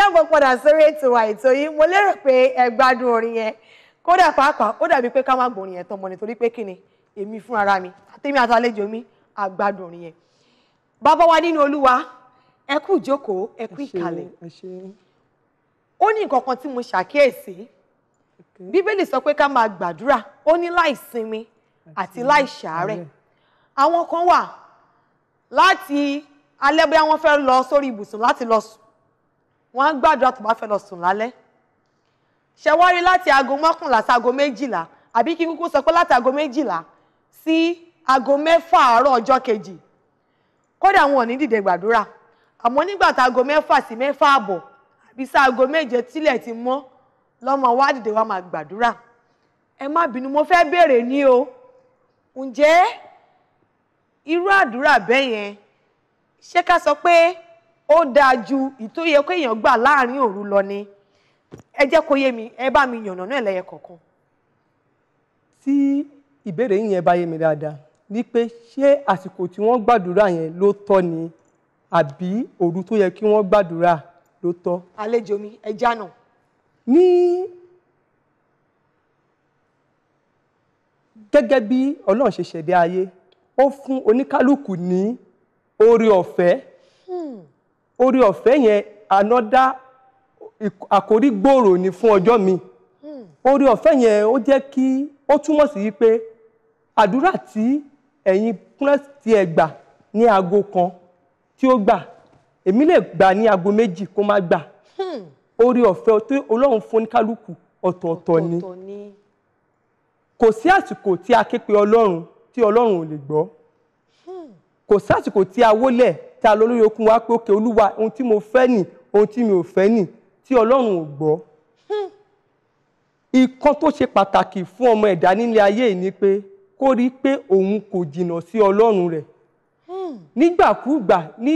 káàbọ̀ padà sórí ètò wa ètò yìí mo lérò pé ẹ gbádùn orin yẹn kódà pàápàá ó dàbí pé ká má gbọ́ orin yẹn tán mọ́ nítorí pé kí ni èmi fúnra mi àtẹ́mi àtàlejò mi a gbádùn orin yẹn bàbá wa nínú olúwa ẹ kú ìjókòó ẹ kú ìkàlẹ̀ ó ní nǹkan kan tí mo ṣàkíyèsí bíbélì sọ pé ká máa gbàdúrà ó ní láìsinmi àti láìṣàárẹ̀ àwọn kan wà láti alẹ́ bóyá wọ́n fẹ́ lọ sórí ibùsùn láti lọ sùn wọ́n á gbàdúrà tó bá fẹ́ lọ sùn lálẹ́ ṣe wá rí láti aago mọ́kànlá sí aago méjìlá àbí kí kúkú sọ pé láti aago méjìlá sí aago mẹ́fà àárọ̀ ọjọ́ kejì kódà wọn ò ní dìde gbàdúrà àmọ́ nígbà tá aago mẹ́fà sí mẹ́fà àbọ̀ àbí sí aago méje tílẹ̀ ti mọ́ lọ́mọ wá dìde wá máa gbàdúrà ẹ má bínú mo fẹ́ béèrè ní o ǹjẹ́ irú àdúrà bẹ́ẹ̀ yẹn ṣé ká sọ pé ó dáa ju ìtóyẹ kó èèyàn gbà láàrin òru lọ ni ẹ jẹ́ kó yé mi ẹ bá mi yànnà náà lẹ́yẹ kọ̀ọ̀kan. tí ìbéèrè yìí yẹn bá yé mi dáadáa ni pé ṣé àsìkò tí wọ́n gbàdúrà yẹn ló tọ́ ni àbí òru tó yẹ kí wọ́n gbàdúrà ló tọ́. àlejò mi ẹ jánà. ní gẹ́gẹ́ bí ọlọ́run ṣe ṣẹ̀dá ayé ó fún oníkálukú ní oore ọ̀fẹ́ hmm orí ọ̀fẹ́ yẹn anọ́dá àkórí gbòòrò ni fún ọjọ́ mi hmm. orí ọ̀fẹ́ yẹn ó jẹ́ kí ó túmọ̀ sí wípé àdúrà tí ẹ̀yin press ẹ̀ gbà ní aago kan tí ó gbà èmi lè gbà ní aago méjì kó má gbà hmm. orí ọ̀fẹ́ tó Ọlọ́run fún oníkálukú ọ̀tọ̀ọ̀tọ̀ ni kò sí àsìkò tí a ké pe Ọlọ́run tí Ọlọ́run ò lè gbọ́ hmm. kò sí àsìkò tí a wólẹ̀ tá a lọ lórí okun wa pé òkè olúwa ohun tí mo fẹ́ nì ohun tí mi ò fẹ́ nì tí ọlọ́run ò gbọ́. Hmm. ìkan tó ṣe pàtàkì fún ọmọ ẹ̀dá nílé ayé yìí ni pé kó rí i pé òun kò jìnnà sí ọlọ́run rẹ̀ hmm. nígbàkúùgbà ní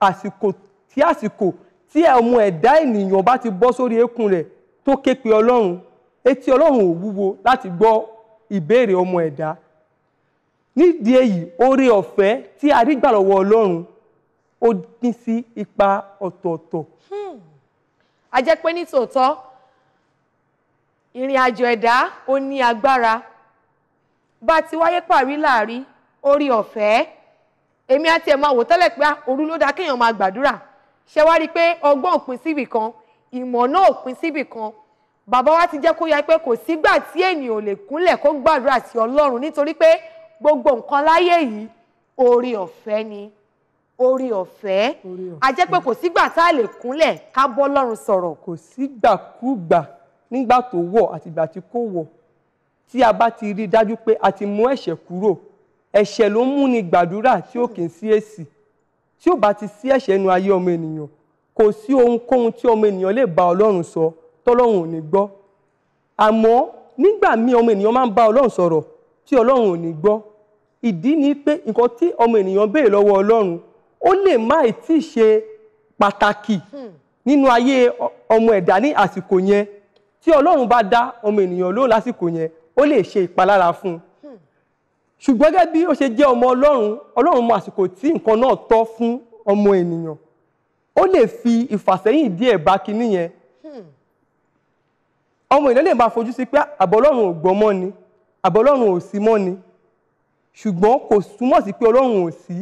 àsìkò tí àsìkò tí ọmọ ẹ̀dá ènìyàn bá ti bọ́ sórí eékún rẹ̀ tó ké pe ọlọ́run etí ọlọ́run ò wúwo láti gbọ́ ìbéèrè ọmọ ẹ̀dá nídìí èyí oore ọ̀fẹ́ tí a ọlọ́run ó dín sí ipa ọ̀tọ̀ọ̀tọ̀. Hmm. a jẹ́ pé ní tòótọ́ ìrìn àjò ẹ̀dá ó ní agbára bá a ti wáyé pàrí láàrí orí ọ̀fẹ́ èmi àti ẹ̀ máa wò tẹ́lẹ̀ pé ah, òru ló dáa kéèyàn máa gbàdúrà ṣe wá rí i pé ọgbọ́n òpin síbì kan ìmọ̀ náà òpin síbì kan bàbá wa ti jẹ́ kó yá pé kò sígbà tí ènìyàn ò lè kúnlẹ̀ kó gbàdúrà sí ọlọ́run nítorí pé gbogbo nǹkan láyé yìí orí ọ̀fẹ́ ni orí ọ̀fẹ́ a jẹ́ pé kò sígbà tá a lè kúnlẹ̀ ká bọ́ lọ́run sọ̀rọ̀. kò sígbàkúgbà nígbà tó wọ̀ àtìgbà tí kò wọ̀ tí a bá ti rí i dájú pé a ti mú ẹ̀ṣẹ̀ kúrò ẹ̀ṣẹ̀ ló mú ni gbàdúrà tí ò kì í sí èsì tí ò bá ti sí ẹ̀ṣẹ̀ nínú ayé ọmọ ènìyàn kò sí ohunkóhun tí ọmọ ènìyàn lè bá ọlọ́run sọ tọ́lọ́run ò ní gbọ́ àmọ́ nígbà míì ọmọ ènìyàn máa ń bá ọlọ́run sọ̀rọ̀ tí ọlọ́run ò ní gbọ́ ìdí ni pé nǹkan tí ọmọ ènìyàn béèrè lọ́wọ́ ọlọ́run ó lè má tí ì ṣe pàtàkì hmm. nínú ayé ọmọ ẹ̀dá ní àsìkò yẹn tí ọlọ́run bá dá ọmọ ènìyàn lóhùn lásìkò yẹn ó lè ṣe ìpalára fún un hmm. ṣùgbọ́n gẹ́gẹ́ bí ó ṣe jẹ́ ọmọ ọlọ́run ọlọ́run mọ àsìkò tí nǹkan náà tọ́ fún ọmọ ènìyàn ó lè fi ìfàsẹ́yìn díẹ̀ bá kinní yẹn hmm. ọmọ ènìyàn lè máa fojú sí pé àbọ̀ ọlọ́run ò gbọ́ mọ́ ni àbọ̀ ọlọ́run ò sí mọ́ ni ṣùgbọ́n kò túmọ̀ sí pé ọlọ́run ò sí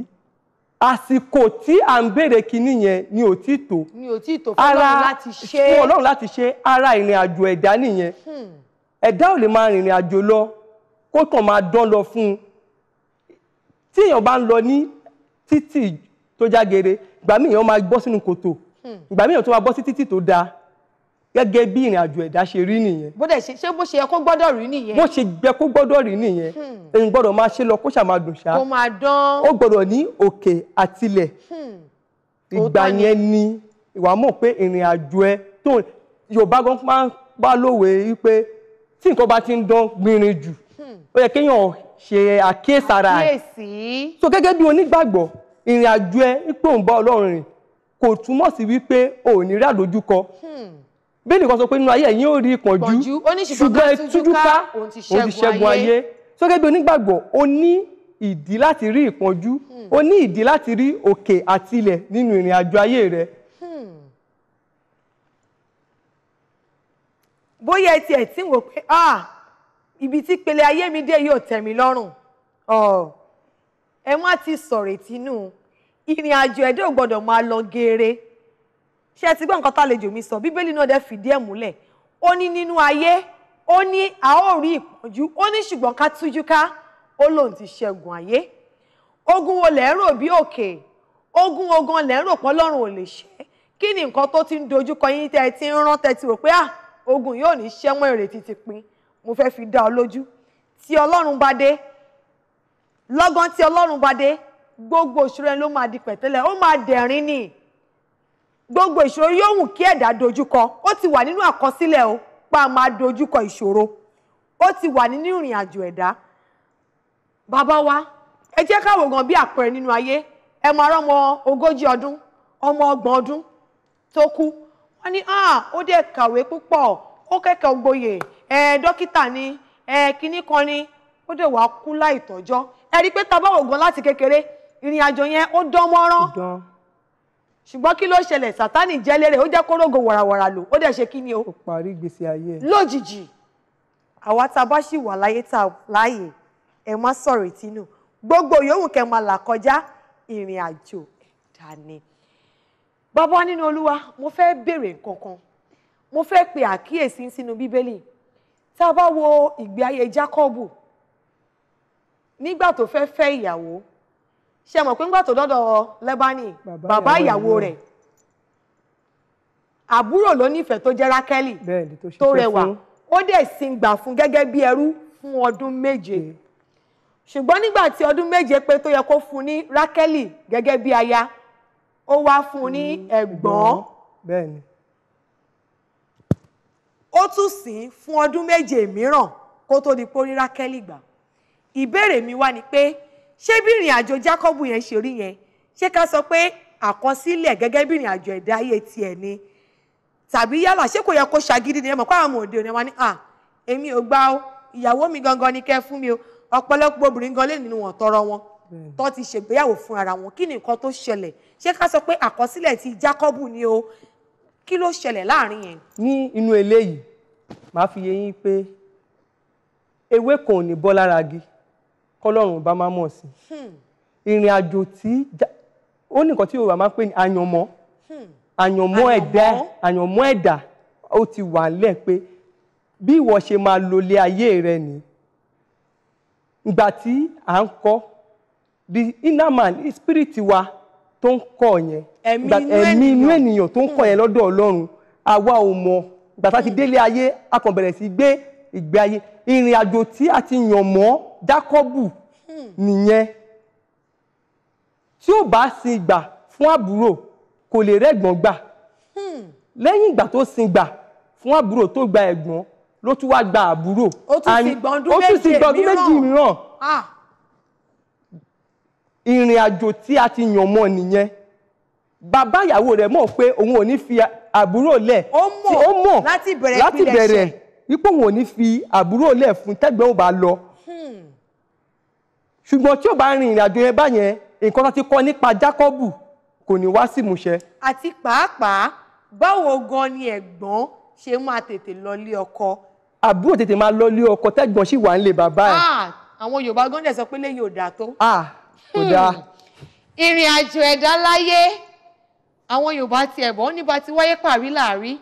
àsìkò tí à ń béèrè kinní yẹn ni ò tí tó ni ò tí tó fún Ọlọ́run láti ṣe ara ìrìn àjò ẹ̀dá nìyẹn hmm. ẹ̀dá ò lè máa rìnrìn àjò lọ kó kàn máa dán lọ fún un tí èèyàn bá ń lọ ní títì tó jágere ìgbà míì èèyàn máa gbọ́ sínú kòtò hmm. ìgbà míì èèyàn tó máa bọ́ sí títì tó dáa gẹ́gẹ́ bí ìrìn àjò ẹ̀dá ṣe rí nìyẹn. bó dẹ̀ ṣe ṣé bó ṣe yẹ kó gbọ́dọ̀ rí nìyẹn. bó ṣe yẹ kó gbọ́dọ̀ rí nìyẹn. èyí hmm. gbọ́dọ̀ máa ṣe lọ kó ṣàmà dùn ṣá. kó máa dán. ó gbọ́dọ̀ ní òkè àtilẹ̀. Hmm. ìgbà yẹn ni ìwà mọ̀ pé ìrìn àjò ẹ tó yorùbá gan máa ń bá lówe wípé tí nǹkan bá ti ń dán gbinrin jù hmm. ó yẹ kéèyàn ṣe àkíyèsára ẹ. so gẹ́gẹ́ bí onígbàgbọ́ ìrìn àjò ẹ wípé òun bá ọlọ́run rìn kò túmọ̀ sí wípé òun ní rí àdójúkọ bẹ́ẹ̀ nìkan sọ pé nínú ayé ẹ̀yin ò rí ìpọ́njú ṣùgbọ́n ẹ tújúká òun ti ṣẹ́gun ayé sọ́kẹ́ bí onígbàgbọ́ o ní ìdí láti rí ìpọ́njú hmm. o ní ìdí láti rí òkè àti ilẹ̀ nínú ìrìn àjò ayé rẹ. Hmm. bóyá ẹ tiẹ̀ tí ń wò pé ah, ibi tí pele ayé mi dé yóò tẹ̀ mí lọ́rùn ẹ má ti sọ̀rètí nù ìrìn àjò ẹ̀dẹ́ gbọ́dọ̀ máa lọ geere ṣé ẹ ti gbọ́ nǹkan tálejò mi sọ bíbélì náà dẹ̀ fìdí ẹ̀ múlẹ̀ ó ní nínú ayé ó ní a ó rí ìpọ́njú ó ní ṣùgbọ́n ká tújú ká ó lóun ti ṣẹ́gun ayé ogun wo lẹ́ rò bí òkè ogun ogun lẹ́ ń rò pọ́ lọ́rùn ò lè ṣẹ́ kí ni nǹkan tó ti ń dojúkọ yín tẹ́ ẹ ti ń rán tẹ́ ti rò pé à ah, ogun yóò ní ṣẹ́wọ́n ìrètí ti pin mo fẹ́ fi dá ọ lójú tí ọlọ́run bá dé lọ́gán tí ọlọ́run bá dé gbogbo òṣèré ló máa di pẹ̀tẹ́lẹ̀ ó máa dẹ̀rín nìyí gbogbo ìṣòro yóò wù kí ẹ̀dá dojúkọ ó ti wà nínú àkọsílẹ̀ o pa máa dojúkọ ìṣòro ó ti wà nínú ìrìn àjò ẹ̀dá bàbá wa ẹ jẹ́ ká wò gan bí àpẹẹrẹ nínú ayé ẹ máa rọ́mọ ogójì ọdún ọmọ ọgbọ̀n ọdún tó kú wọ́n ní ah, ó dẹ̀ kàwé púpọ̀ ó kẹ́kọ̀ọ́ gboyè ẹ dókítà ni ẹ kinní kan ni ó dẹ̀ wá kú láìtọ́jọ́ ẹ rí i pé tá gan láti kékeré ìrìn àjò yẹn ó dán mọ́rán ṣùgbọ́n kí ló ṣẹlẹ̀ sátani jẹ́ lérè ó jẹ́ kórógo wàràwàrà lò ó dẹ̀ ṣe kí ni o. ó parí gbèsè ayé ẹ̀. lójijì àwa tá a bá ṣì wà láyé tá a láàyè ẹ má sọ̀rọ̀ ìtinú gbogbo yòówù kẹ́ máa là kọjá ìrìn àjò ẹ̀dá ni. bàbá nínú olúwa mo fẹ́ béèrè nǹkan mo fẹ́ pe àkíyèsí sínú bíbélì tá a bá wo ìgbé ayé Jákọ́bù nígbà tó fẹ́ fẹ́ ìyàwó ṣe mọ̀ pé ńgbà tó dọ́dọ̀ lẹ́bánì bàbá ìyàwó rẹ̀ àbúrò ló nífẹ̀ẹ́ tó jẹ́ rákẹ́lì tó rẹwà ó dẹ̀ sin gbà fún gẹ́gẹ́ bí ẹrú fún ọdún méje ṣùgbọ́n nígbà tí ọdún méje pé tó yẹ kó fún ní rákẹ́lì gẹ́gẹ́ bí aya ó wá fún ní ẹ̀gbọ́n ó tún sìn fún ọdún méje mìíràn kó tó di pé rákẹ́lì gbà ìbéèrè mi wá ni pé ṣé bí ìrìn àjò Jákọ́bù yẹn ṣe rí yẹn ṣé ká sọ pé àkọsílẹ̀ gẹ́gẹ́ bí ìrìn àjò ẹ̀dá ayé tiẹ̀ ni tàbí yálà ṣé kò yẹ kó ṣàgídí ni ẹ mọ̀ pé àwọn òde òní wa ni ah èmi ò gbà o ìyàwó mi gangan ni kẹ́ fún mi o ọ̀pọ̀lọpọ̀ obìnrin gan lè nínú wọn tọrọ wọn tó ti ṣègbéyàwó fún ara wọn kí ni nǹkan tó ṣẹlẹ̀ ṣé ká sọ pé àkọsílẹ̀ ti Jákọ́bù ni o kí ló ṣẹlẹ̀ láàrin yẹn. ní inú eléyìí màá fi yé yín pé ewé kan ò ní bọ́ lára gi kọ́lọ́run bá máa mọ̀ sí hmm. ìrìn àjò tí ó ní nǹkan tí Yorùbá máa ń pè ní àyànmọ́ hmm. àyànmọ́ ẹ̀dá àyànmọ́ ẹ̀dá ó ti wà lẹ̀ pé bí ìwọ ṣe máa lo ilé ayé rẹ ni ìgbà tí à ń kọ́ the inner man spirit wa tó ń kọ́ yẹn ẹ̀mí inú ènìyàn tó ń kọ́ hmm. yẹn lọ́dọ̀ Ọlọ́run àwa ò mọ̀ ìgbà a ti délé ayé a kàn bẹ̀rẹ̀ sí gbé ìgbé ayé ìrìn àjò tí a ti yàn mọ́ Jákọ́bù nìyẹn tí ó bá sin ìgbà fún àbúrò kò lè rẹ́gbọ̀n gbà hmm. lẹ́yìn ìgbà tó sin ìgbà fún àbúrò tó gba ẹ̀gbọ́n ló tún wá gba àbúrò ó tún sì gbọ́dún méjì mìíràn ah. ìrìn àjò tí a ti yàn mọ́ nìyẹn bàbá ìyàwó rẹ̀ mọ̀ pé òun ò ní fi àbúrò lẹ̀ ó mọ̀ láti bẹ̀rẹ̀ wípé òun ò ní fi àbúrò lẹ̀ fún tẹ́gbẹ́ ò bá lọ hmm. ṣùgbọ́n tí ò bá rin ìrìn àjò yẹn báyẹn nǹkan tó ti kọ́ nípa Jákọ́bù kò ní wá sí ìmúṣẹ. àti pàápàá báwo gan ni ẹ̀gbọ́n ṣe máa tètè lọ lé ọkọ. àbúrò tètè máa lọ lé ọkọ tẹ́gbọ́n sì wà nílé bàbá ẹ̀. Ah, àwọn Yorùbá gan sọ pé lẹ́yìn ò tó. Ah, kò dáa. Hmm. ìrìn àjò ẹ̀dá láyé àwọn Yorùbá ti ẹ̀bọ̀ ó ní